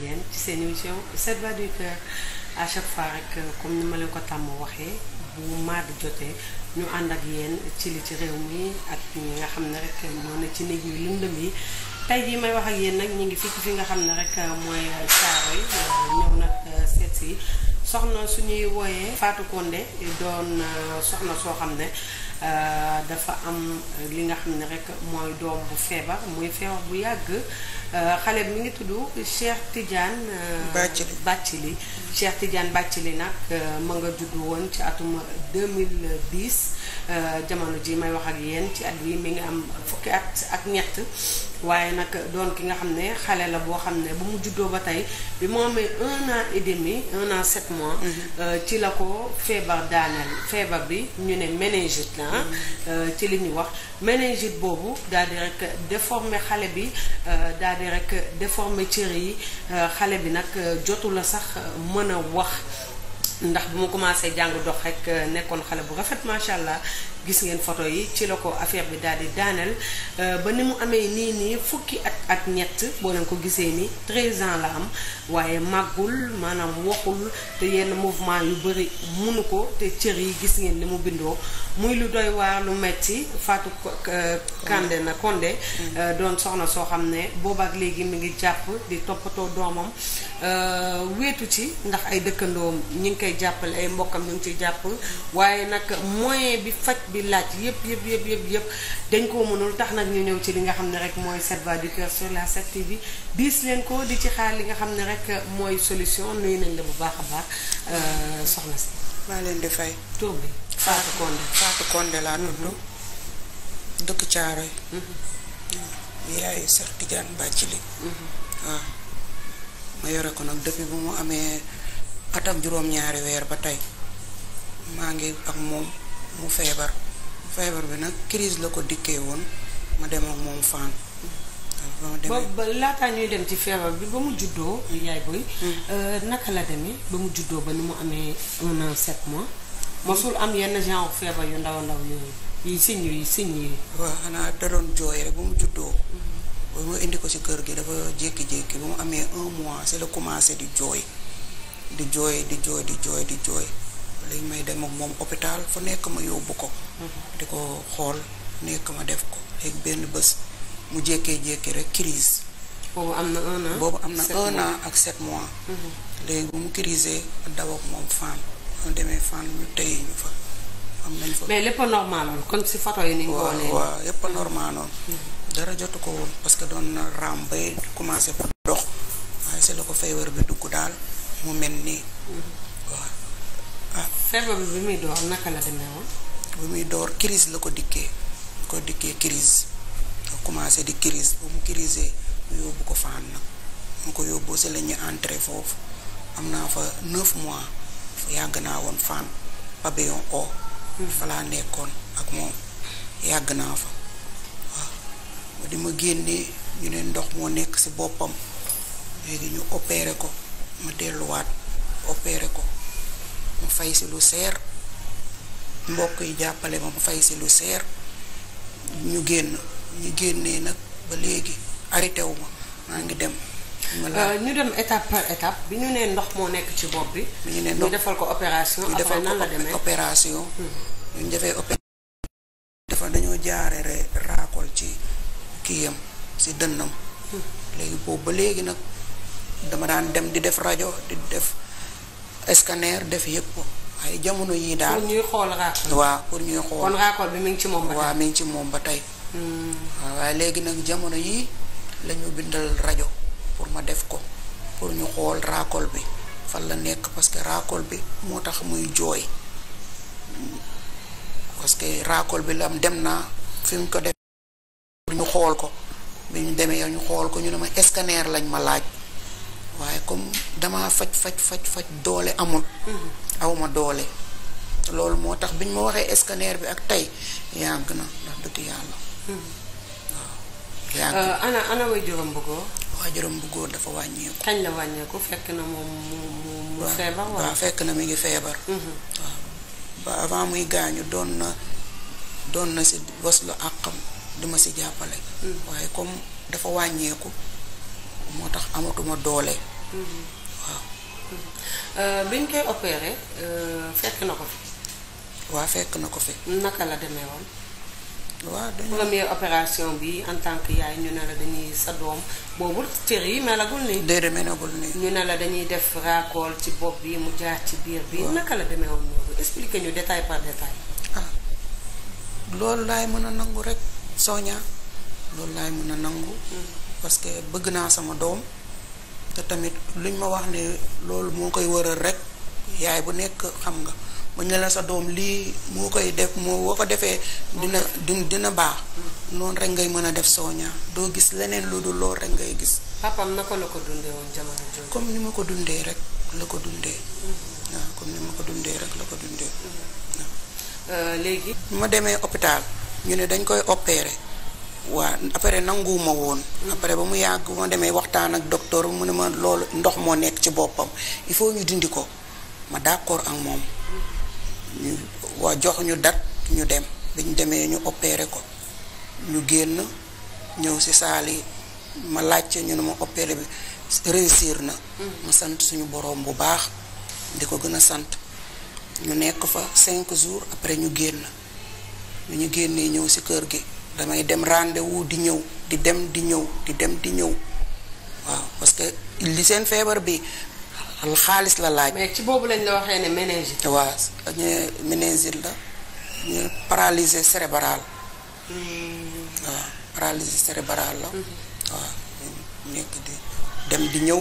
Diagne ci seen émission 7 voix du cœur à chaque fois rek euh, comme ni ma leen ko tàmm waxee bu mardi jotee ñu ànd ak yéen ci li ci réew mi ak ñi nga xam ne rek moo ne ci néeg yu lëndëm yi tey jii may wax ak yéen nag ñu ngi fii fi nga xam ne rek euh, mooy Thiaroye euh, ñëw nag seet si soxna suñuy wooyee Fatou Condé doon soxna soo xam ne dafa am li nga xam ne rek mooy doom bu feebar mooy feebar bu yàgg. xale bi mi ngi tudd Cheikh Tidiane. Euh, Bathily Bathily Cheikh Tidiane Bathily nag euh, ma nga judd woon ci atum 2010 euh, jamono ji may wax ak yéen ci at bi mi ngi am fukki at ak ñett waaye nag doon ki nga xam ne xale la boo xam ne bu mu juddoo ba tey bi mu amee un an et demi un an sept mois. Mhm. ci la ko feebar daaneel feebar bi ñu ne méningite la mhm. ci li ñu wax méningite boobu dal di rek déformé xale bi daal di rek déformer cër yi euh, xale bi nag euh, jotu la sax euh, mën a wax ndax bu ma commencé jàng dox rek nekkoon xale bu rafet macha allah gis ngeen photo yi ci la ko affaire bi daal di daaneel euh, ba ni mu amee nii nii fukki at ak ñett boo leen ko gisee nii 13 la am waaye màggul maanaam waxul te yenn mouvement yu bëri munu ko te cër yi gis ngeen ni mu bindoo muy lu doy waar lu metti Fatou euh, Kande na Konde euh, doon soxna soo xam ne boobaak léegi mu ngi jàpp di toppatoo doomam weetu ci ndax ay dëkkandoom ñi ngi koy jàppale ay mbokkam ñu ngi ciy jàpp waaye nag moyen bi faj bi laaj yëpp yëpp yëpp yëpp yëpp dañ koo mënul tax nag ñu ñëw ci li nga xam ne rek mooy 7 voix du cœur sur la 7 TV diis leen ko di ci xaar li nga xam ne rek mooy solution nuyu nañ la bu baax a baax euh, soxla si. maa leen di fay. tur bi Fatou Konde. Fatou Konde laa tudd mm-hmm. dëkk Caaroy. Mm-hmm. yaayu Cheikh Tidiane Bathily. Mm-hmm. waaw ma yore ko nag depuis bu mu amee at ak juróom-ñaari weer ba tey maa ngi ak moom. mu feebar feebar bi nag crise la ko dikkee woon ma dem ak moom fan ba laataa ñuy dem ci feebar bi ba mu juddoo yaay boy hmm. euh, naka la demee ba mu juddoo ba ni mu amee un an sept am yenn genre feebar yu ndaw ndaw yooyu yi siñ yi siñ jooy rek ba mu juddoo ba indi ko si kër gi dafa jékki-jékki ba mu amee un mois c'est la commencé di jooy di jooy di jooy di jooy di jooy léegi may dem ak moom hôpital fu nekk ma yóbbu ko. di ko xool nekk ma def ko léegi benn bës mu jékkee-jékki rek crise boobu am na un boobu am na ak sept mois. Mhm. léegi bu mu crisé daw moom fan mu demee fan ñu téye ñu fa. am nañ fa mais lépp normal woon kon si photo yi ni nga ko wanee. waaw lépp mhm. normal woon. Mhm. dara jotu ko woon parce que doon na raam bay commencé dox waaye si la ko feebar bi dugg daal mu mel nii. waaw. feebar bi bi muy door naka la demee woon. bi muy la ko dikkee la ko dikkee crise da commencé di crise ba mu crisee mu yóbbu ko fan nag mu ko yóbboo si la ñuy entré foofu am naa fa neuf mois yàgg naa woon fan pavillon o hmm. fa laa nekkoon ak moom yàgg naa fa waaw di ma génnee ñu ne ndox moo nekk si boppam léegi ñu opéré ko ma delluwaat opéré ko fay si lu seer mbokk yi jàppale ma mu fay si lu seer ñu génn ñu génnee nag ba léegi arrêté wu ma maa ngi dem. Euh, ñu dem étape par étape bi ñu nee ndox moo nekk ci bopp bi. bi ne nee ndox ñu defal ko opération. après nan la demee opération. Hmm. ñu defee opération. dafa dañoo jaaree raakol ci kiyam si dënnam. Hmm. léegi boobu ba léegi nag dama daan dem di def rajo di def. scanner def yëpp waaye jamono yii daal. pour ñuy xool raakool. pour ñuy xool. kon bi mi ngi ci moom ba tey. waaw ngi ci moom ba tey. Hmm. waaw waaye léegi nag jamono yii la bindal rajo pour ma def ko pour ñu xool raakool bi fan la nekk parce que raakool bi moo tax muy jooy parce que raakool bi lam dem naa fi mu ko def pour ñu xool ko bi ñu demee ñu xool ko ñu ne ma scanner lañ ma laaj. waaye comme damaa faj faj faj faj doole amul. Mm-hmm. awma doole. loolu moo tax biñ ma waxee scanner bi ak tey yànk na ndax dëgg yàlla. Mm-hmm. waaw yàgg na uh, ana ana waajuram bu góor. waajuram bu dafa wàññeeku. kañ la wàññeeku fekk na moom mu mu fekk na mi ngi feebar. Mm-hmm. waaw ba avant muy gaañu doon na doon na ci bos lu àqam di ma si jàppale. waaye comme dafa wàññeeku moo tax amatuma doole. waaw. Euh, bi ñu koy opéré euh, fekk na ko fi. waaw fekk na ko fi. naka la demee woon. waaw dañuy première opération bi en tant que yaay ñu ne la dañuy sa doom boobu cër yi melagul nii. déedéet melagul nii. ñu ne la dañuy def raakool ci bopp bi mu jaar ci biir bi. naka la demee woon noonu expliqué ñu détail par détail. ah loolu laay mën a nangu rek soña loolu laay mën a nangu. Hmm. parce que bëgg naa sama doom. te tamit luñ ma wax ne loolu moo koy waral rek yaay bu nekk xam nga mu ne la sa doom lii moo koy def moo boo ko defee dina dina baax noonu rek ngay mën a def sooña doo gis leneen lu dul loolu rek ngay gis papam naka la ko dundee woon jamono comme ni ma ko dundee rek la ko dundee mm-hmm. comme ni ma ko dundee rek la ko dundee mm-hmm. euh, léegi ma demee hôpital ñu ne dañ koy opeere waa après nanguwuma woon. après ba mu yàgg ma demee waxtaan ak docteur mu ne ma loolu ndox moo nekk ci boppam il faut ñu dindi ko ma d'accord ak moom. waa jox ñu dat ñu dem bi ñu demee ñu opeere ko ñu génn ñëw si saali ma laajte ñu ne ma opéré bi réussir na. sant suñu boroom bu baax di ko gën a sant ñu nekk fa cinq jours après ñu génn ñu génnee ñëw si kër gi. damay dem rendez-vous di ñëw di dem di ñëw di dem di ñëw waaw parce que li seen feebar bi xaalis la laaj. mais ci boobu la waxee ne méningite. waaw ñu méningite la ñu paralysé cérébral. Hmm. waaw paralysé cérébral la. Hmm. waaw nekk di dem di ñëw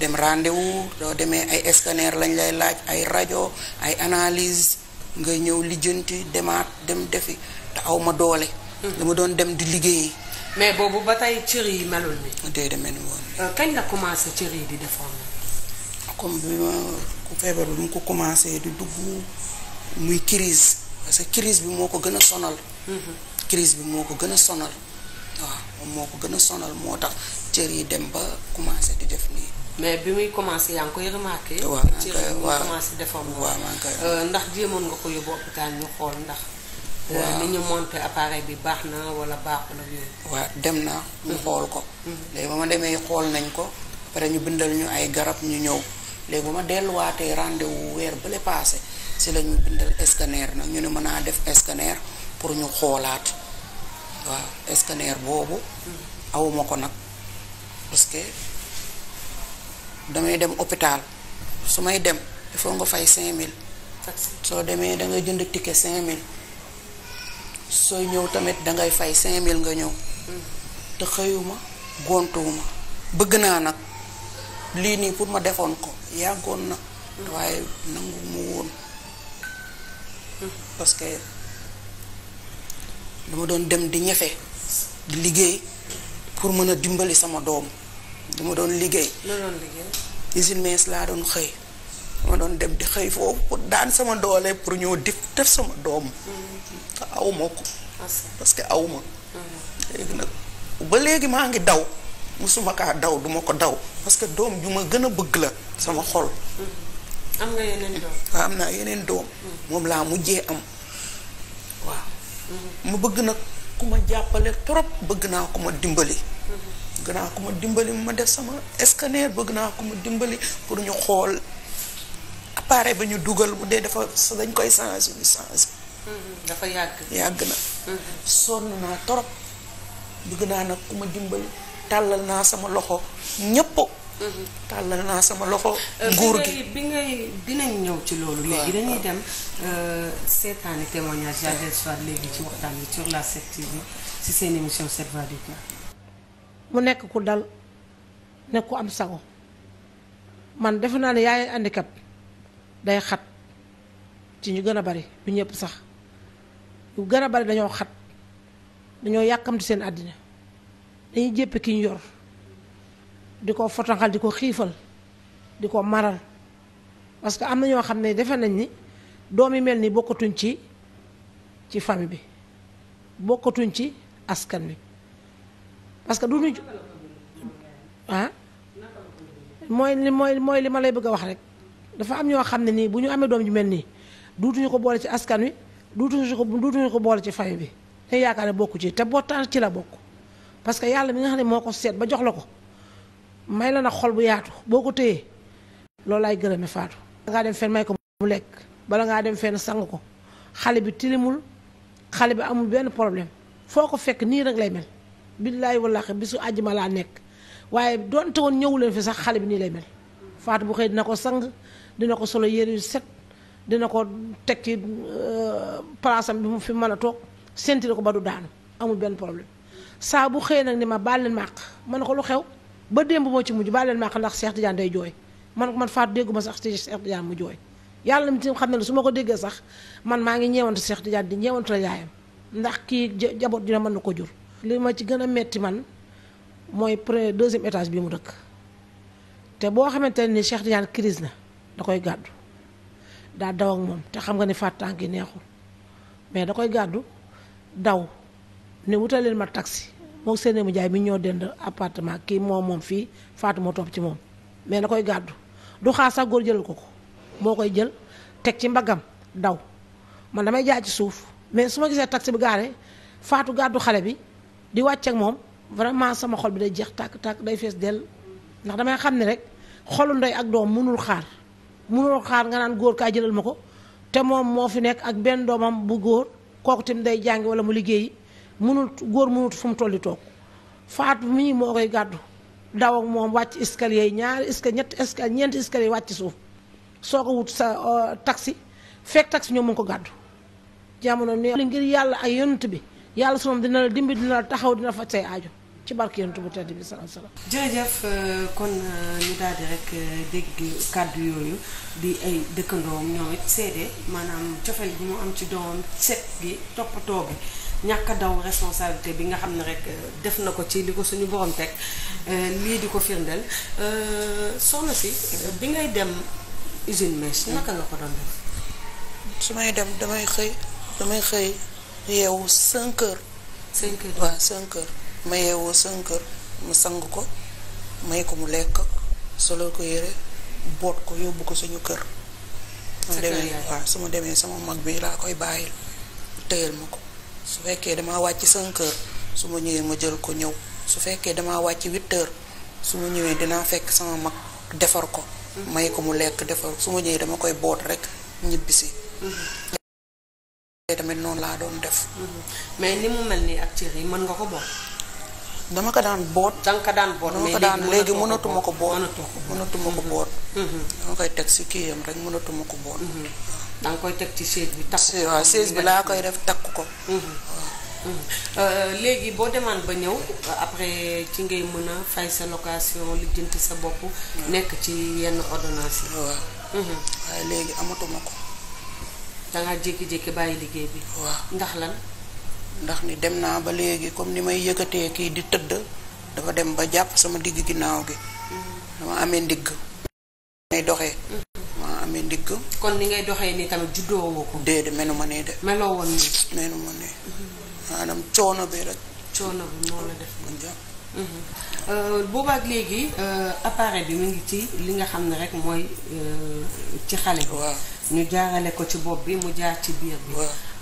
dem rendez-vous doo demee ay scanner lañ lay laaj ay rajo ay analyse nga ñëw lijjanti demaat dem defi te aw doole. dama doon dem di liggéeyi. mais boobu ba tey cër yi melul ni déedéet mel woon. Euh, kañ la commencé cër yi di déformé. comme bi ma feebar bi ko commencé di dugg muy crise parce que crise bi moo ko gën a sonal. Mm-hmm. crise bi moo ko gën a sonal waaw moo ko gën a sonal moo tax cër yi dem ba commencé di def nii. mais bi muy commencé yaa ngi koy remarqué. waaw maa ngi yi commencé déformé. waaw maa ngi koy euh, ndax jéemoon nga ko yóbbu hôpital ñu xool ndax. waaw ni ñu bi baax na wala baaxul ak dem naa. ñu mhm. xool ko. Mhm. léegi ba ma demee xool nañ ko. pare ñu bindal ñu ay garab ñu ñëw. léegi ba ma delluwaatee rendez-vous weer bële paase si lañu ñu bindal scanner nag ñu ne mën naa def scanner pour ñu xoolaat waaw scanner boobu. Mhm. awuma ko nag parce que damay dem hôpital su may dem il faut nga fay 5000. soo demee da ngay jënd cinq 5000. sooy ñëw tamit da ngay fay 5000 nga ñëw. te xëyuma gontuwuma bëgg naa nag lii nii pour ma defoon ko yàggoon na. waaye nangu mu woon. parce que dama doon dem di ñafe di liggéey pour mën a dimbali sama doom dama doon liggéey. la doon laa doon xëy. ma doon dem di xëy foofu pour daan sama doole pour ñëw def def sama doom mm-hmm. awma ko parce que awma mm-hmm. léegi ba léegi maa ngi daw mosuma kaa daw duma ko daw parce que doom ju ma gën a bëgg la sama xol mm-hmm. am nga yeneen doom yeneen doom moom laa mujjee am waaw ma bëgg nag ku ma jàppale trop bëgg naa ko ma dimbali bëgg naa ko ma dimbali ma def sama scanner bëgg naa ko ma dimbali pour ñu xool appareil ba ñu dugal bu dee dafa dañ koy changé ñu changé. Mm-hmm. dafa yàgg. yàgg na. Mm-hmm. sonn naa torop bëgg naa nag ku ma dimbali tàllal naa sama loxo ñëpp. Mm-hmm. tàllal naa sama loxo. Euh, nguur gi bi ngay dinañ ñëw ci loolu. léegi dañuy dem euh, seetaani témoignage jaajëf soit léegi ci waxtaan bi sur la 7TV ci seen émission 7 voix mu nekk ku dal nekk ku am sago man defe naa ne yaay handicap. day xat ci ñu gën a bari du ñëpp sax yu gën a bari dañoo xat dañoo yàkkamti seen àddina dañu jéppi ki ñu yor di ko fotanxal di ko xiifal di ko maral parce que am na ñoo xam ne defe nañ ni doom yi mel ni bokkatuñ ci ci famille bi bokkatuñ ci askan bi parce que du ñu ah mooy li mooy mooy li ma lay bëgg a wax rek dafa am ñoo xam ne nii bu ñu amee doom ju mel nii duutuñu ko boole ci askan wi duutuñu ko duutuñu ko boole ci fay bi te yaakaar ne bokk ci te bottaan ci la bokk parce que yàlla bi nga xam ne moo ko seet ba jox la ko may la na xol bu yaatu boo ko téyee loolu laay gërëme faatu bala ngaa dem fenn may ko mu lekk bala ngaa dem fenn sang ko xale bi tilimul xale bi amul benn problème foo ko fekk nii rek lay mel billaahi wallaahi bisu àjjuma laa nekk waaye doonte woon ñëwuleen fi sax xale bi nii lay mel faatu bu xëy dina ko sang dina ko solo yére yu set dina ko teg ci euh, palaasam bi mu fi mën a toog séntu ko ba du daanu amul benn problème saa bu xëy nag ni ma baal leen màq man ko lu xew ba démb moo ci mujj baal leen màq ndax Cheikh Tidiane day jooy man man faatu dégguma sax ci Cheikh Tidiane mu jooy yàlla mi xam ne su ma ko déggee sax man maa ngi ñeewantu Cheikh Tidiane di ñeewantu la yaayam ndax kii jaboot dina mën na ko jur. li ma ci gën a metti man mooy premier deuxième étage bi mu dëkk. te boo xamante ne Cheikh Tidiane crise na da koy gàddu daa daw moom te xam nga ni fàttànk yi neexul mais da koy gàddu daw ne wutal leen ma taxi moo seen mu jaay bi ñoo dend appartement kii moom moom fii Fatou moo topp ci moom mais da koy gàddu du xaar sax góor jëlal ko ko moo koy jël teg ci mbaggam daw man damay jaay ci suuf mais su ma gisee taxi bi gaare faatu gàddu xale bi di wàcc moom vraiment sama xol bi day jeex tàkk tàkk day fees dell ndax damay xam ne rek xolu ndey ak doom mënul xaar mënul xaar nga naan góor kaa jëlal ma ko te moom moo fi nekk ak benn doomam bu góor kooku tamit day jàngi wala mu liggéeyi mënul góor mënut fu mu tolli toog faatu mii moo koy gàddu daw moom wàcc escalier yi ñaari escalier ñetti escalier ñeenti escalier wàcc suuf soo ko wut sa euh, taxi fekk taxi ñoom mu ngi ko gàddu jamono ne ngir yàlla ay yonent bi yàlla sunoom dina la dimbi dina la taxaw dina faj say aajo ci barke yonent bu tedd bi salaam salaam. jërëjëf euh, kon euh, ñu daal di rek euh, dégg kàddu yooyu di ay dëkkandoom ñoom it seede maanaam cofeel bi mu am ci doomam set gi toppatoo bi ñàkk daw responsabilité bi nga xam ne rek def na ko ci li ko suñu borom teg lii di ko firndeel soxna si bi ngay dem usine mèche naka nga ko doon su may dem damay xëy damay xëy yeewu 5 heures. 5 heures mayewoo yeewoo sama ma sang ko may ko mu lekk solo ko yére boot ko yóbbu ko suñu kër ma demee su ma demee sama mag bi laa koy bàyyil tëyal ma ko su fekkee damaa wàcc cinq su ma ñëwee ma jël ko ñëw su fekkee damaa wàcc huit su ma ñëwee dinaa fekk sama mag defar ko mhm. may ko mu lekk defar su ma ñëwee dama koy boot rek ñibbisi mhm. tamit noonu laa doon def mhm. mais ni mel nii ak yi mën nga ko boot dama ko daan boot. danga ko daan boot mais léegi mënatuma ko boot mënatuma ko boot. Mm-hmm. dama koy teg si rek mënatuma ko boot. Mm-hmm. danga koy teg ci chaise bi takk ko. waaw chaise bi laa koy def takk ko. Mm-hmm. Euh, euh, léegi boo demaan ba ñëw après ci ngay mën a fay sa location lijjanti sa bopp. nekk ci yenn ordonnance waaw waaye léegi amatuma ko. danga jékki-jékki bàyyi liggéey bi. waaw ndax lan. ndax ni dem naa ba léegi comme ni may yëkkatee kii di tëdd dafa dem ba jàpp sama digg ginnaaw gi dama amee ndikk may doxee ma amee ndigg kon li ngay doxee ni tamit juddoo woo ko déedéet menuma nii de meloo woon nii menuma nii maanaam coono bi rek coono bi moo la def mu jàpp euh, boobaak léegi euh, appareil bi mu ngi ci li nga xam ne rekk mooy euh, ci xale bi ñu jaarale ko ci bopp bi mu jaar ci biir bi.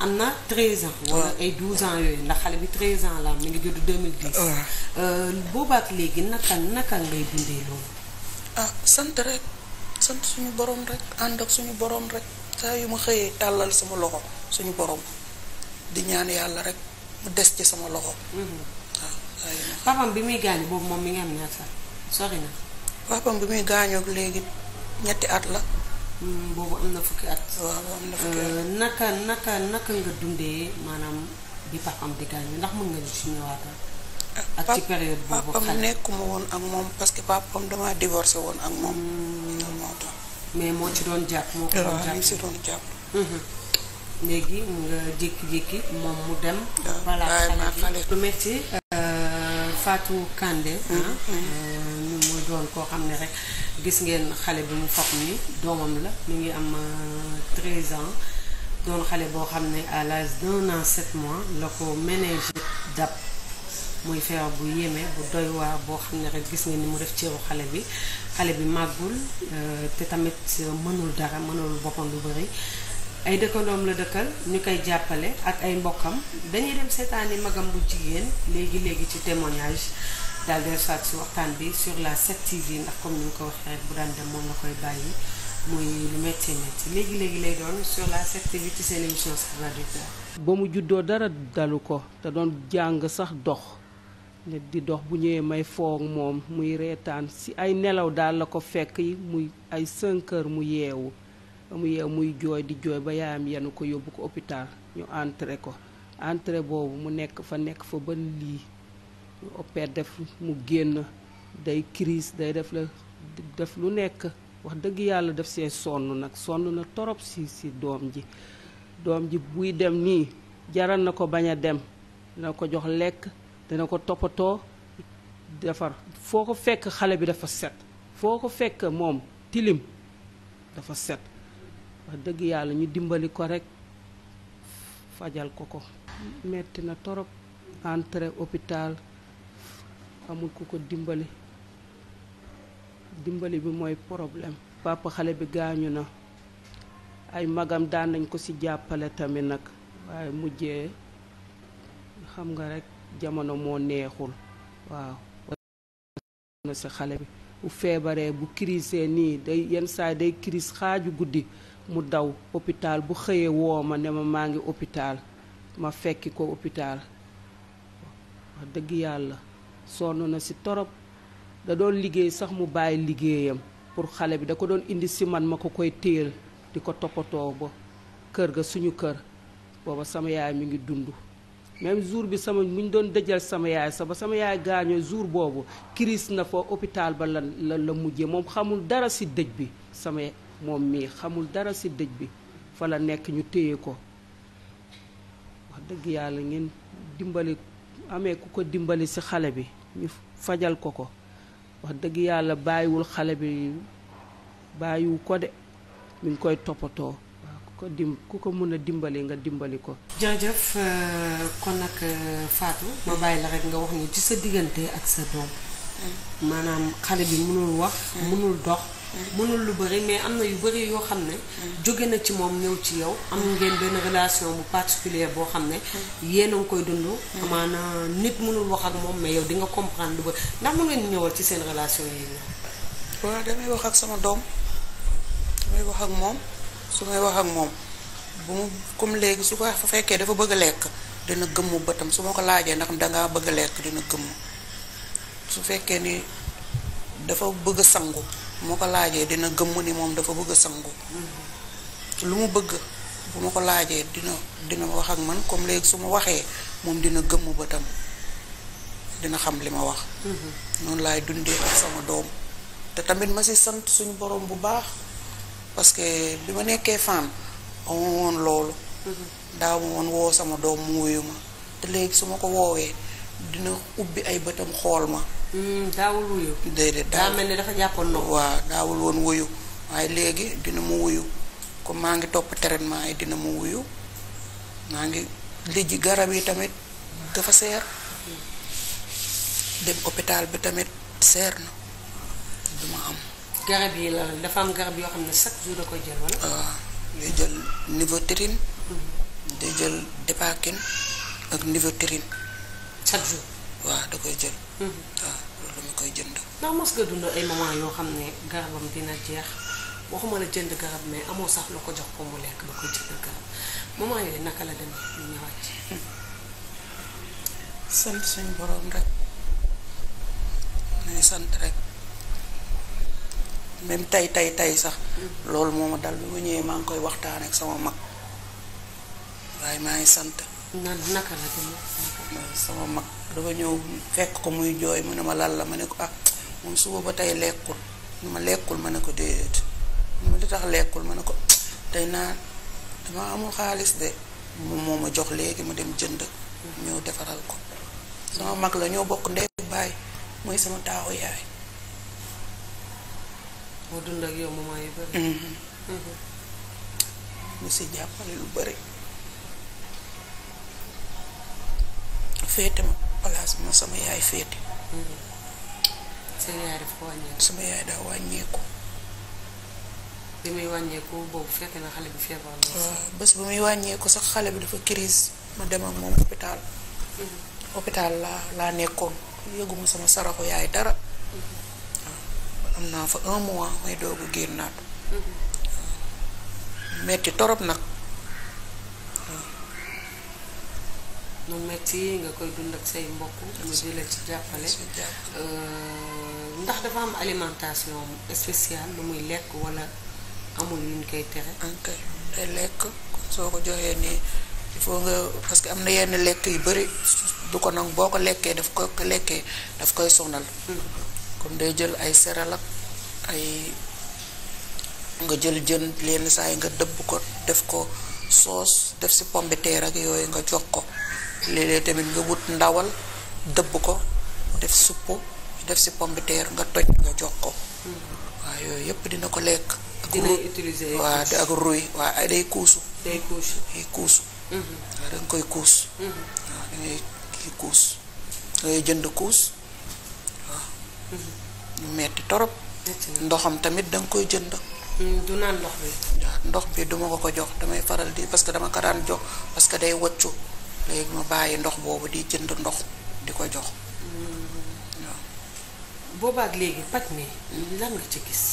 am na 13 ans. wala ay 12 ans yooyu ndax xale bi 13 ans la am mi ngi judd 2010. waaw boobaak léegi naka naka ngay dundee loolu. ah sant rek sant suñu borom rek ànd ak suñu boroom rek saa yu ma xëyee tàllal sama loxo suñu borom di ñaan yàlla rek mu des ci sama loxo. Mm-hmm. waaw papam bi muy gaañu boobu moom mi ngi am ñaata sori na. papam bi muy gaañoo léegi ñetti at la. boobu am na fukki at. Euh, naka naka nga dundee maanaam di bi papam di gaañu ndax mën nga ñu si ñëwaatal. ak ci période boobu papam nekkuma woon ak moom parce que papam damaa divorcé woon ak moom. Hmm. moo tax mais moo ci doon jàpp moo ko doon jàpp hmm. léegi nga jékki-jékki moom mu dem. voilà xale lu métti euh, Fatou Kandé. Hmm, euh, doon koo xam ne rek gis ngeen xale bi mu foog ni doomam la mu ngi am 13 euh, ans doon xale boo xam ne à l'âge naa an mois la ko méningite dab muy feebar bu yéeme doy waar boo xam ne rek gis ngeen ni mu def ceeru xale bi xale bi màggul euh, te tamit euh, mënul dara mënul boppam lu bëri ay dëkkandoom la dëkkal ñu koy jàppale ak ay mbokkam dañuy dem seetaani magam bu jigéen léegi léegi ci témoignage daal di saat si waxtaan bi sur la 7TV ndax comme ni ko waxee rek bu daan dem moom la koy bàyyi muy lu métti léegi léegi lay doon sur la 7 ci seen émission Saveurs du Cœur. ba mu juddoo dara dalu ko te doon jàng sax dox di dox bu ñëwee may foog moom muy reetaan ci ay nelaw daal la ko fekk muy ay 5 mu yeewu mu yeew muy jooy di jooy ba yaayam yenu ko yóbbu ko hôpital ñu entré ko entré boobu mu nekk fa nekk fa ba lii. opère def mu génn day kiriis day def la def lu nekk wax dëgg yàlla def see sonn nag sonn na torop si si doom ji doom ji buy dem nii jaral na ko bañ a dem dina ko jox lekk dina ko toppatoo defar foo ko fekk xale bi dafa set foo ko fekk moom tilim dafa set wax dëgg yàlla ñu dimbali ko rekk fajal ko ko metti na torop entrée hôpital amul ku ko dimbali dimbali bi mooy problème papa xale bi gaañu na ay magam daan nañ ko ci jàppale tamit nag waaye mujjee xam nga rekk jamono moo neexul waaw na ci xale bi bu feebaree bu crise nii day yenn saa day crise xaaju guddi mu daw hôpital bu xëyee woo ma ne ma maa ngi hôpital ma fekki ko hôpital dëgg yàlla sonn na si torop da doon liggéey sax mu bàyyi liggéeyam pour xale bi da ko doon indi si man ma ko koy téyel di ko toppatoo ba kër ga suñu kër booba sama yaay mi ngi dund même jour bi sama mu ñu doon dëjal sama yaay sax ba sama yaay gaañoo jour boobu crise na fa hôpital ba la la mujje moom xamul dara si dëj bi sama moom mii xamul dara si dëj bi fa la nekk ñu téye ko wax dëgg yàlla ngeen dimbali amee ku ko dimbali si xale bi ñu fajal ko ko wax dëgg yàlla bàyyiwul xale bi bàyyiwu ko de mi ngi koy toppatoo ko dim ku ko mën a dimbali nga dimbali ko. jërëjëf euh, kon nag euh, Fatou ma bàyyi la rek nga wax ñu ci sa diggante ak sa doom mm. maanaam xale bi mënul wax mm. mënul dox. mënul lu bëri mais am na yu bari yoo xam ne jóge na ci moom ñëw ci yow am ngeen benn relation bu particulière boo xam ne yéen a ngi koy dund amaana nit mënul wax ak moom mais yow di nga comprendre lu bëri ndax mu ngeen ñëwal ci seen relation yi ñoom damay wax ak sama doom damay wax ak moom su may wax ak moom bu mu comme léegi su ko fekkee dafa bëgg a lekk dina gëmmu bëtam su ma ko laajee ndax dangaa bëgg a lekk dina gëmmu su fekkee ni dafa bëgg a sangu moo ko laajee dina gëmm ni moom dafa bëgg a sangu lu mu bëgg bu ma ko laajee dina dina wax ak man comme léegi su ma waxee moom dina gëmm bëtam dina xam li ma wax noonu laay dundee ak sama doom te tamit ma si sant suñu borom bu baax parce que bi ma nekkee femme amu woon loolu daaw ma woon woo sama doom mu ma te léegi su ma ko woowee dina ubbi ay bëtam xool ma Mm, daawul wuyu. déedéet daa mel ni dafa jàppoon loolu. waaw woon wuyu waaye léegi dina mu wuyu comme maa ngi topp traitement yi dina mu wuyu maa ngi lijji garab yi tamit dafa seer dem hôpital bi tamit seer na duma am. garab yi la dafa am garab yoo xam ne chaque jour da koy jël wala. waaw day jël Nivotrine. day jël Dépakine ak Nivotrine. chaque jour waaw da koy jël. waaw loolu dama koy jënd. ndax mos nga dund ay moment loo xam ne garabam dina jeex waxuma la jënd garab mais amoo sax loo ko jox ko mu lekk ba ko jënd garab moment naka la demee ñu ñëwaat ci. sant rek nañ sant rek même tey tey tey sax mm-hmm. loolu moo ma dal bi ma ñëwee maa ngi koy waxtaan ak sama mag waaye maa ngi sant. nan naka la demee. sama mag. dafa ñëw fekk ko muy jooy mu ne ma lan la ma ne ko ah moom suba ba tey lekkul ma lekkul ma ne ko déedéet ma li tax lekkul ma ne ko tey naan dama amul xaalis de moom moo ma jox léegi ma dem jënd ñëw defaral ko sama mag la ñoo bokk ndey mooy sama taaxu yaay moo dund ak yow mhm. Mhm. mu si jàppale lu bari féete ma place bi ma sama yaay féete. Mm-hmm. sama yaay daa wàññeeku. bi muy wàññeeku boobu fekk na xale bi muy wàññeeku sax xale bi dafa crise ma dem ak moom hôpital. Mm-hmm. hôpital laa laa nekkoon yëguma sama saraxu yaay dara. Mm-hmm. am naa fa un mois may doogu génnaat. metti torop nag. mu metti nga koy dund ak say mbokk la ci jàppale euh, ndax dafa am alimentation spéciale lu muy lekk wala amul lu ñu koy tere ankay day lekk soo ko joxee nii il faut nga parce que am na yenn lekk yu bëri du ko nag boo ko lekkee daf ko lekkee daf koy sonal hmm. comme day jël ay seralak ay nga jël jën lenn saa yi nga dëbb ko def ko soos def si pomme de terre ak yooyu nga jox ko léeg-léeg tamit nga wut ndawal dëbb ko def supp def si pomme de terre nga toj nga jox ko waa yooyu yëpp dina ko lekk waa ak ruy waa day kuusu day kuusu mhm. koy kuus mhm. waaw dangay jënd kuus waaw ñu mhm. metti torop ndoxam tamit danga koy jënd mm, du naan ndox bi ndox bi duma ko ko jox damay faral di parce que dama ko daan jox parce que day waccu léegi ma bàyyi ndox boobu di jënd ndox di ko jox. Mm-hmm. boobaak léegi paj mi lan nga ci gis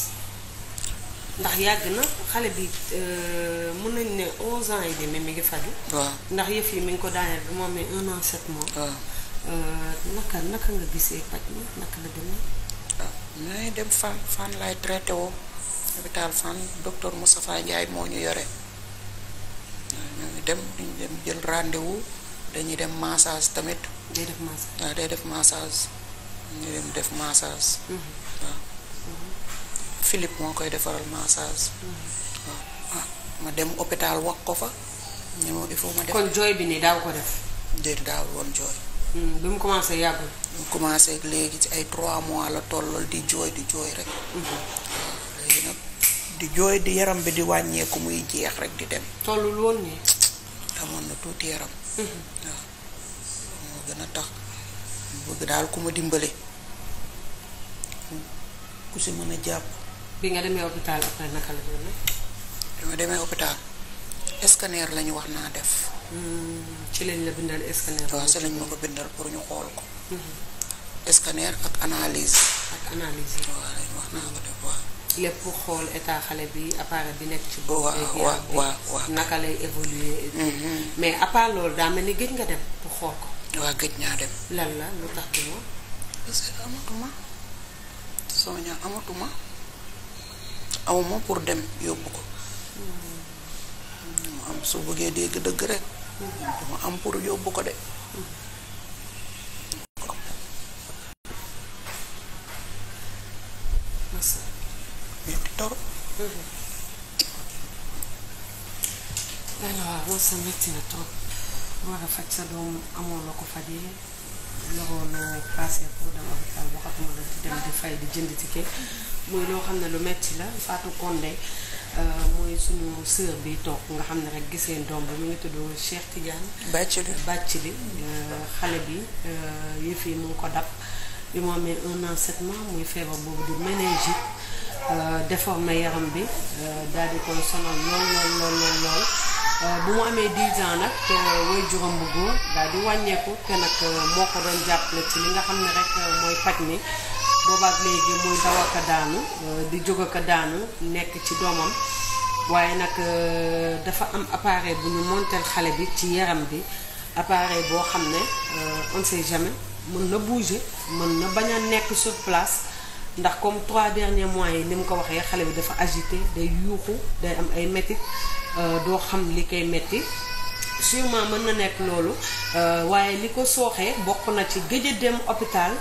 ndax yàgg na xale bi euh, mën nañ ne 11 ans yi demi mi ngi faju ndax yëf yi mi ngi ko daaneel bi moom mi un an sept mois euh, naka naka nga gisee paj mi naka la demee waaw ah, dem fan fan laay traité woo hôpital fan docteur Moustapha Ndiaye moo ñu yore ñu dem ñu dem jël rendez dañuy dem massage tamit. day day def massage ñu dem def massage. Mm-hmm. waaw mm-hmm. Philippe moo koy defaral massage. Mm-hmm. waaw ah, ma dem hôpital wax ko fa. ñu ma il faut ma def kon jooy bi nii daaw ko def. déet daaw woon jooy. Mm, bi mu commencé yàggul. mu commencé léegi ci ay trois mois la tollal di jooy di jooy rek. di jooy di yaram bi di wàññeeku muy jeex rek di dem. tollul woon nii. amoon na tuuti yaram. moo gën a tax mu bëgg daal ku ma dimbale ku si mën a jàpp. bi nga demee hôpital après naka la demee. bi ma demee hôpital scanner la wax naa def. Hmm, ci lañ la bindal scanner. waaw si lañ ma ko bindal pour ñu xool ko. Hmm. scanner ak analyse. ak analyse waaw wax naa ko def waaw. lépp pour xool état xale bi appareil bi nekk ci bopp. waaw waaw waaw naka lay évoluer. Mm-hmm. mais à part loolu daa ni gëj nga dem pour xool ko. waaw gëj naa dem. lan la lu tax du moom. parce que amatuma soo ñëw amatuma awma pour dem yóbbu ko. mu mm-hmm. am su bëggee dégg dëgg rek. Mm-hmm. dama am pour yóbbu ko de. alors moom sa métti na trop war a faj sa doom amoon na ko fajee loroon na pour dem di dem di jënd ticket muy loo xam ne lu metti la Fatou Condé mooy suñu sœur bi toog nga xam ne rek giseen doom ba mu ngi tudd Cheikh Tidiane Bathily Bathily euh, xale bi euh, yëf yi mu ngi ko dab bi mu amee un an sept muy feebar boobu di méningite Euh, déformé yaram bi euh, daal di koy sonal lool lool lool lool lool euh, bu mu amee 10 ans nag way juróom bu góor daal di wàññeeku te nag moo ko doon jàppale ci li nga xam ne rek mooy faj mi boobaak léegi muy daw ak a daanu di jóg ak daanu nekk ci doomam waaye nag dafa am appareil bu ñu monteel xale bi ci yaram bi appareil boo xam ne on sait jamais mën na bouger mën na bañ nekk sur place ndax comme trois derniers mois yi ni mu ko waxee xale bi dafa agité day yuuxu day am ay métit euh, doo xam li koy métti sûrement mën na nekk loolu euh, waaye li ko sooxee bokk na ci gëj a dem hôpital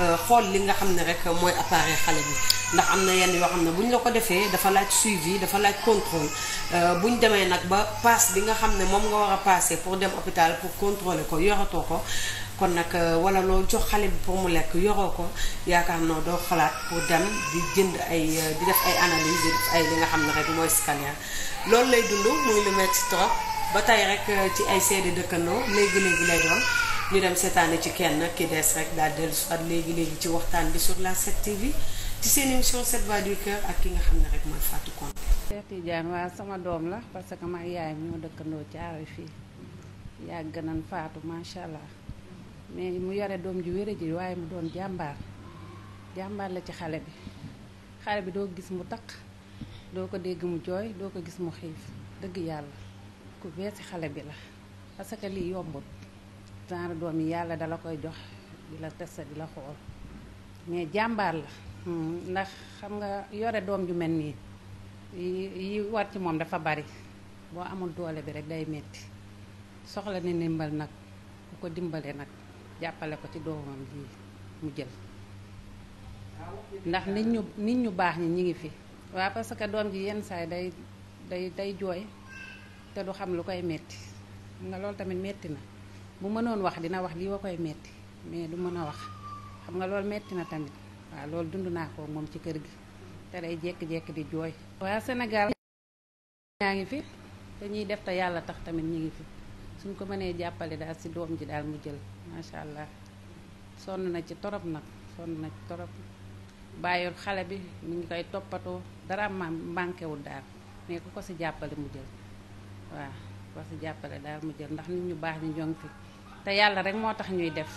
euh, xool li nga xam ne rek mooy appareil xale bi ndax am na yenn yoo xam ne bu ñu la ko defee dafa laaj suivi dafa laaj contrôle bu ñu demee nag ba paas bi nga xam ne moom nga war a passé pour dem hôpital pour contrôler ko yoratoo ko kon nag euh, wala loo jox xale bi pour mu lekk yoroo ko yaakaar noo doo xalaat pour dem di jënd ay euh, di def ay analyse di ay li nga xam ne rek mooy scanner loolu lay dund mu ngi lu metti trop ba tey rek euh, ci ay seede dëkkandoo léegi léegi lay doon ñu dem seetaane ci kenn ki des rek daal dellu soit léegi léegi ci waxtaan bi sur la 7TV ci seen émission 7 voix du cœur ak ki nga xam ne rek mooy Fatou Konté. Cheikh Tidiane waa sama doom la parce que ma yaayam ñoo dëkkandoo ci aar fii yàgg nañ Fatou macha allah. mais mu yore doom ju wér ji waaye mu doon jàmbaar jàmbaar la ci xale bi xale bi doo gis mu taq doo ko dégg mu jooy doo ko gis mu xiif dëgg yàlla ku beesi xale bi la parce que lii yombut genre doom yi yàlla dala koy jox di la testa di la xool mais jàmbaar la hmm, ndax xam nga yore doom ju mel nii yi war ci moom dafa bari boo amul doole bi rek day metti soxla ne ndimbal nag ku ko dimbale nag jàppale ko ci doomam ji mu jël ndax nit ñu nit ñu baax ñi ñi ngi fi waaw parce que doom ji yenn saay day day day jooy te du xam lu koy metti xam nga loolu tamit metti na bu mënoon wax dina wax lii wa koy metti mais du mën a wax xam nga lool metti na tamit waaw loolu dund naa ko moom ci kër gi te day jékki-jékki di jooy waa Sénégal ñaa ngi fi te ñuy def te yàlla tax tamit ñi ngi fi suñ ko mënee jàppale daal si doom ji daal mu jël macha allah sonn na ci torop nag sonn na ci torop bàyyul xale bi mu ngi koy toppatoo dara ma manquéwul daal mais ku ko si jàppale mu jël waaw ku ko si jàppale daal mu jël ndax nit ñu baax ñu ñoo fi te yàlla rek moo tax ñuy def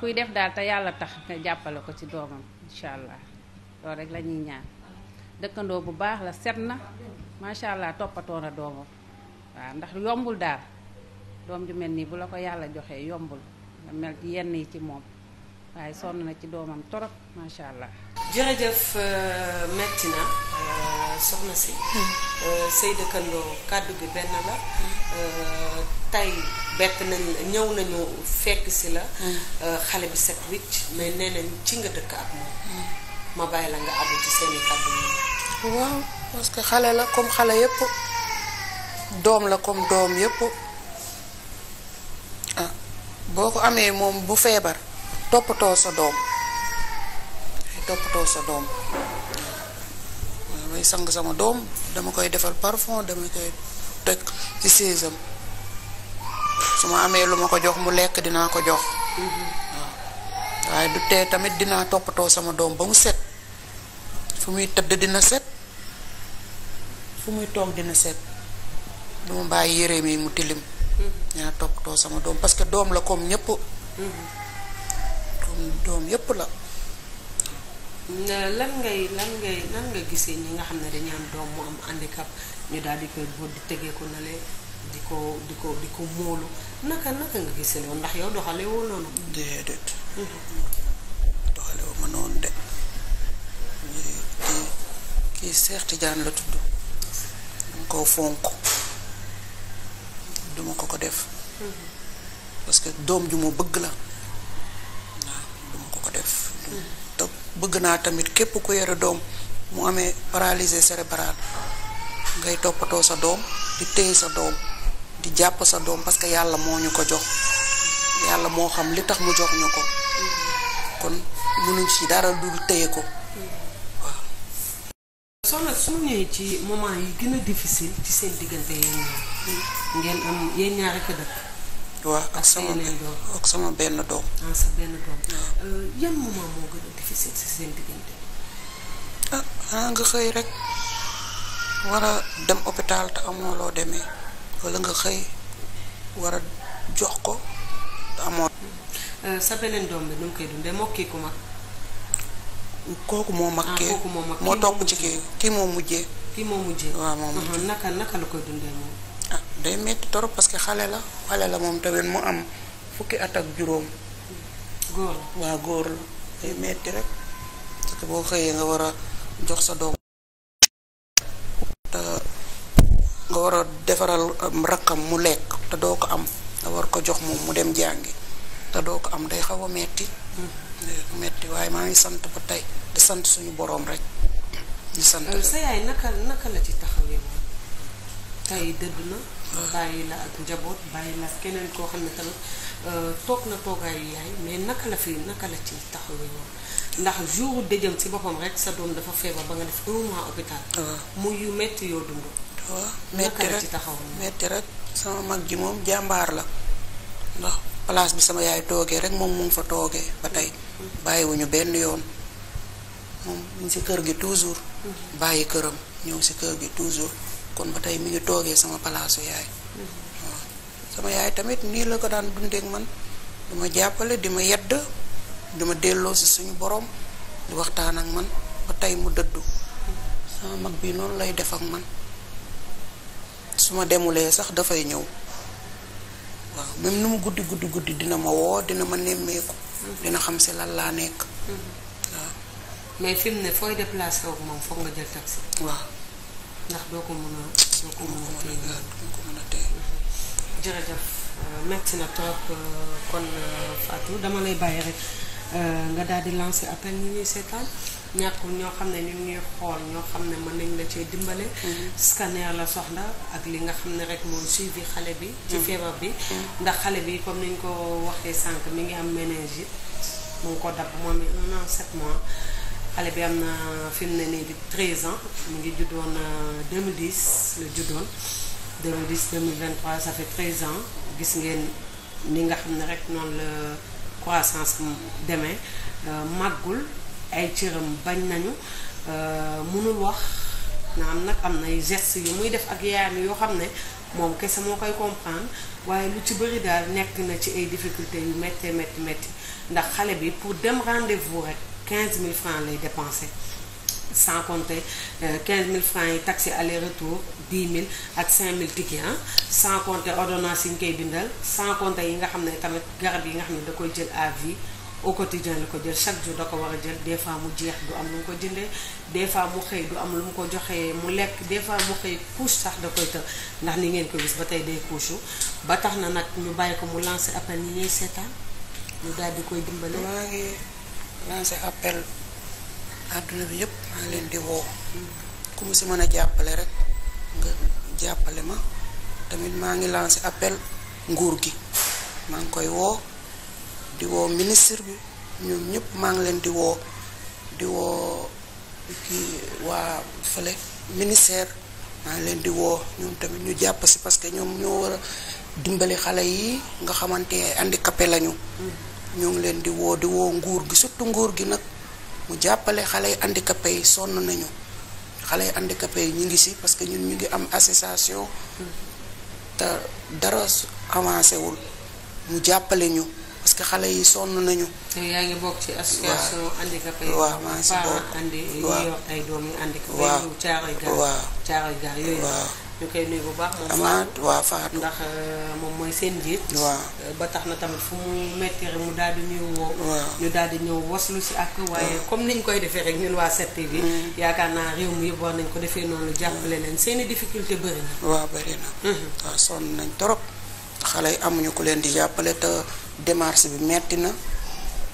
kuy def daal te yàlla tax nga jàppale ko ci doomam incha allah loolu rek la ñuy ñaan dëkkandoo bu baax la set na macha allah toppatoo na doomam waaw ndax yombul daal. doom ju mel nii bu la ko yàlla joxee yombul mel yenn yi ci moom waaye sonn na ci doomam torop macha allah. jërëjëf euh, metti na euh, soxna si. Hmm. Euh, say dëkkandoo kàddu bi benn la. tey bett nañ ñëw nañu fekk si la. Hmm. xale bi set wicc mais nee ci nga dëkk ak moom. Hmm. ma bàyyi la nga àddu ci seeni kàddu yi. waaw parce que xale la comme xale yëpp doom la comme doom yëpp. boo ko amee moom bu feebar toppatoo sa doom toppatoo sa doom damay sang sama doom dama koy defal parfum dama koy teg ci séesam su ma amee lu ma ko jox mu lekk dinaa ko jox mm-hmm. waaye du tee tamit dinaa toppatoo sama doom ba mu set fu muy tëdd dina set fu muy toog dina set du ma bàyyi yére mi mu tilim naa mm-hmm. toppatoo sama doom parce que doom la comme ñëpp. Mm-hmm. comme doom yëpp la. lan ngay lan ngay lan nga gisee ñi nga xam ne dañu am doom mu am handicap ñu daal di koy boo di tegee ko na lee di ko di ko di ko móolu naka naka nga gisee loolu ndax yow doxalee woo noonu. déedéet. Mm-hmm. doxalee woo ma noonu de. kii Cheikh Tidiane la tudd. dañ koo fonk. duma ko ko def parce que doom ju ma bëgg la waaw duma ko ko def te bëgg naa tamit képp ku yore doom mu amee paralysé cérébrale ngay toppatoo sa doom di téye sa doom di jàpp sa doom parce que yàlla moo ñu ko jox yàlla moo xam li tax mu jox ñu ko kon mënuñ ci dara dul téye ko soxna suñu ñëwee ci moma yi gën a difficile ci seen diggante yéen ñaar ngeen waaw ak sama benn doom. ah sa euh, yan moment moo gën a difficile ci seen diggante. ah xanaa nga xëy rek war a dem hôpital te amoo loo demee wala nga xëy war jox ko te amoo. Euh, sa beneen doom bi nu mu koy dundee moo kii kooku moo mag ah, kee kooku moo mag moo topp ci kii kii moo mujjee. kii moo mujjee moo uh-huh. naka naka la koy dundee ah, day metti trop parce que xale la xale la moom tamit mu am fukki at ak juróom. góor góor la day metti rek parce que boo xëyee nga war a jox sa doom. nga war a defaral um, rakkam mu lekk te doo ko am nga war ko jox moom mu dem jàngi te doo ko am day xaw a metti mm-hmm. metti waaye maa ngi sant ko tey te sant suñu boroom rek di euh, sa yaay naka naka la ci taxawee moom tey dëdd na ah. la njaboot bàyyi la ak keneen koo xam ne tamit euh, toog na toogaayu yaay mais naka la fi naka la ci taxawee moom ndax jour dëjëm si boppam rek sa doom dafa feebar ba nga def un mois hôpital ah. mu yu metti yoo dund waaw ah, metti rek sama mag ji moom jàmbaar la ndax place bi sama yaay toogee rek moom mu fa toogee ba tey bàyyiwuñu benn yoon moom mu ngi si kër gi toujours bàyyi këram ñëw si kër gi toujours kon ba tey mi ngi toogee sama palaasu yaay waaw sama yaay tamit nii la ko daan dundeek man di jàppale di ma yedd di ma delloo si suñu boroom di waxtaan ak man ba tey mu dëddu sama mag bi noonu lay def ak man su ma demulee sax dafay ñëw même nu mu guddi guddi guddi dina ma woo dina ma nemmeeku. Mhm. dina xam si lan laa nekk. Mhm. waaw. mais fi mu ne fooy déplacé wu moom foog nga jël taxi. waaw ndax doo ko mën a doo ko mën a téye doo ko mhm. euh, na trop euh, kon euh, dama lay bàyyi rek nga daal di lancer appel ñu ñuy seetaan. ñàkkul ñoo xam ne ñu ñuy xool ñoo xam ne mën nañ la cee dimbale mm-hmm. scanner la soxla ak li nga xam ne rek mooy suivi xale bi ci mm-hmm. feebar bi mm-hmm. ndax xale bi comme niñ ko waxee sànq mi ngi am méningite mu ngi ko dab moom mi un an sept mois xale fi mu ne nii di 13 ans mu ngi juddoon 2010 euh, la juddoon 2010 2023 ça fait 13 ans gis ngeen ni nga xam ne rek noonu la croissance demee euh, màggul ay cëram bañ nañu euh, mënul wax na am nag am nay gestes yu muy def ak yaayam yoo xam ne moom kese moo koy comprendre waaye lu ci bëri daal nekk na ci ay difficultés yu métti métti métti ndax xale bi pour dem rendez-vous rek quinze mille francs lay dépensé sans compter 15 euh, 000 francs yi taxi aller retour 10 000 ak 5 000 tickets sans compter ordonnance yi ñu koy bindal sans compter yi nga xam ne tamit garab yi nga xam ne da koy jël à vie. au quotidien la ko jël chaque jour da ko war a jël des fois mu jeex du am lu mu ko jëndee des fois mu xëy du am lu mu ko mu lekk des mu xëy couche sax da koy ndax ni ngeen ko gis ba tey day couche ba tax na nag ñu bàyyi ko mu lancé appel ni ñuy seetaan ñu daal di koy dimbale. maa ngi lancé bi yëpp mu si mën a jàppale rek nga jàppale ma tamit maa ngi lancé appel nguur gi maa ngi koy woo. di woo ministre bi ñoom ñëpp maa ngi leen di woo di woo kii waa fële ministère maa ngi leen di woo ñoom tamit ñu jàpp si parce que ñoom ñoo war a dimbali xale yi nga xamante handicapé lañu ñoo ngi leen di woo di woo nguur gi surtout nguur gi nag mu jàppale xale yi handicapé yi sonn nañu xale yi handicapé yi ñu ngi si parce que ñun ñu ngi am association mm. te dara avancé wul mu jàppale ñu parce que xale yi sonn nañu. te yaa ngi bokk ci association. handicapé waaw maa ay doom yu handicapé. waaw caaroy gaar waaw bu baax. amaat waaw Fatou ndax euh, moom mooy seen njiit. waa euh, ba tax na tamit fu mu métti mu daal di ñuy woo. ñu daal di ñëw waslu si ak. waaye comme ni ñu koy defee rek ñun waa 7 bi mm. yaakaar naa réew mi yëpp war nañ ko defee noonu jàppale leen seen i difficulté bëri na. waaw bëri na. Mm-hmm. sonn nañ trop xale yi amuñu ko leen di jàppale te. démarche bi metti na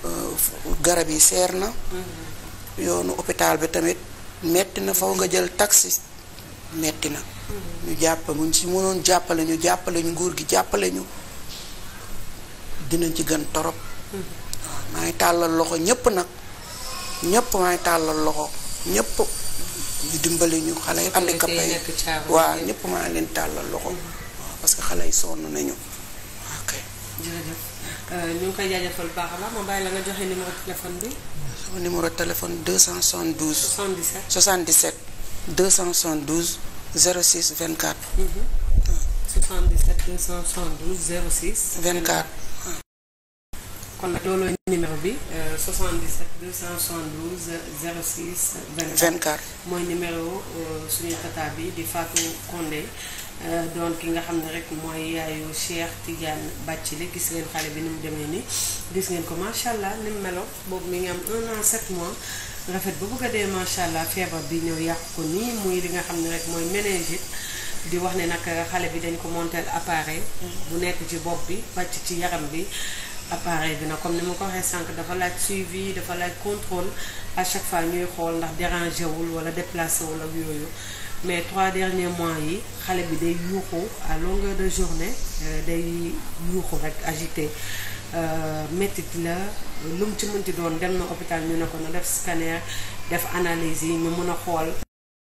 euh, garab yi seer na mm-hmm. yoonu hôpital bi tamit metti na faw nga jël taxi metti na mm-hmm. ñu jàpp muñ si mënoon jàppale ñu jàppale ñu nguur gi jàppale ñu dinañ ci gën torop mm-hmm. waaw maa ngi tàllal loxo ñëpp nag ñëpp maa tàllal loxo ñëpp ñu dimbali ñu xale yi handicapé yi waaw ñëpp maa leen tàllal loxo waaw parce que xale yi sonn nañu Euh, ñu ngi koy jaajëfal bu baax a baax ma bàyyi la nga joxe numéro téléphone bi. sama numéro téléphone 272. 77 77. 272 06 24. 77 272 06. 24. kon nag looloo numéro bi 77 272 06 24. mooy numéro euh, suñu tata bi di Fatou Condé. Euh, doon ki nga xam ne rek mooy yaayu Cheikh Tidiane Bathily gis ngeen xale bi nu mu demee nii gis ngeen ko macha allah ni melo meloon boobu mi ngi am un an sept mois rafet ba bëgg dee macha allah feebar bi ñëw yàq ko nii muy li nga xam ne rek mooy méningite di wax ne nag xale bi dañ ko montel appareil bu mm. nekk ci bopp bi bàcc ci yaram bi. appareil bi nag comme ni ma ko waxee sànq dafa laaj suivi dafa laaj contrôle à chaque fois ñuy xool ndax dérangé wul wala déplacé wul ak yooyu mais trois derniers mois yi xale bi day yuuxu à longueur de journée euh, day yuuxu rek agité euh, métit la lu mu ci mënti doon dem na hôpital ñu ne ko na def scanner def analyse yi ñu mën a xool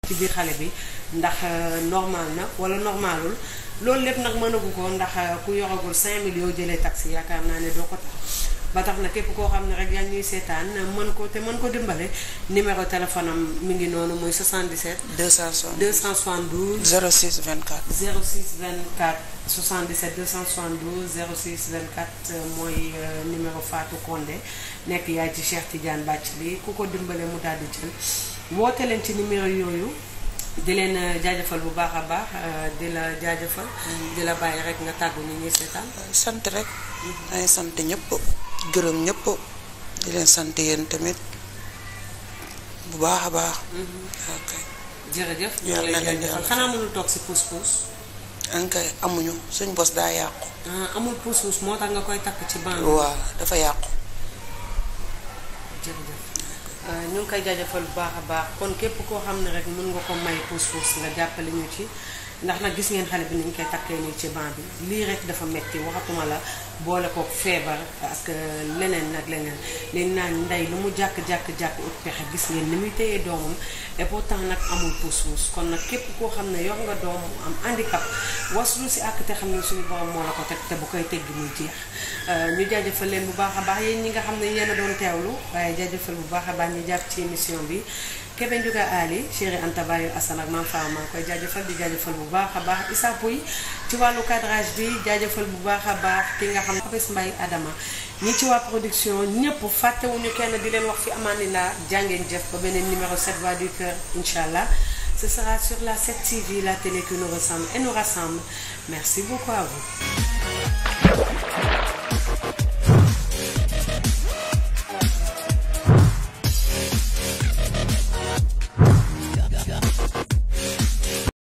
ci biir xale bi ndax euh, normal na wala normalul loolu lépp nag mënagu ko ndax euh, ku yoragul 5 millions jëlee taxi yaakaar naa ne doo ko tax ba tax na képp koo xam ne rek yaa ngi ñuy seetaan mën ko te mën ko dimbale numéro téléphone am mi ngi noonu muy 77. 272 272. 06 24. 06 24 77 272 06 24 mooy euh, numéro faatu Condé nekk yaay ci Cheikh bàcc Bathily ku ko dimbale mu daal di jël woote leen ci numéro yooyu. di leen euh, jaajëfal bu baax a baax euh, di la jaajëfal. di la bàyyi rek nga tàggu ni ñuy seetaan. sant rek. daañu mm-hmm. sant ñëpp gërëm ñëpp di leen sant yéen tamit bu baax a baax. Mm-hmm. ok jërëjëf. yàlla na leen jaajëfal xanaa mënul toog si puus-puus. ankay amuñu suñ bos daa yàqu. Ah, amul puus-puus moo tax nga koy takk ci ban. waa dafa yàqu. jërëjëf. Euh, ñu ngi koy jaajëfal bu baax a baax kon képp koo xam ne rek mun nga ko may pousse pousse nga jàppale ñu ci ndax nag gis ngeen xale bi nañ koy takkee nii ci banc bi lii rek dafa metti waxatuma la boole ko feebar ak euh, leneen nag leneen léegi naan ndey lu mu jàkk-jàkk-jàkk ut pexe gis ngeen ni muy téyee doomam et pourtant nag amul puus-puus kon nag képp koo xam ne yor nga doom am handicap waslu si àkk te xam ne suñu borom moo la ko teg te bu koy tegg muy jeex euh, ñu jaajëfal leen bu baax a baax yéen ñi nga xam ne yéen a doon teewlu waaye jaajëfal bu baax a baax ñu jàpp ci émission bi Kébé Ndiouga Ali Chéri Anta Bayo Assane ak Mame Fama maa koy jaajëfal di jaajëfal bu baax a baax Issa Pouy ci wàllu cadrage bi jaajëfal bu baax a baax ki nga xam ne Papis Mbaye Adama ñi ci waa production ñëpp fàttewuñu kenn di leen wax fi amaani laa jàngeen jëf ko beneen numéro 7 voix du cœur incha allah ce sera sur la 7 TV la télé qui nous ressemble et nous merci beaucoup à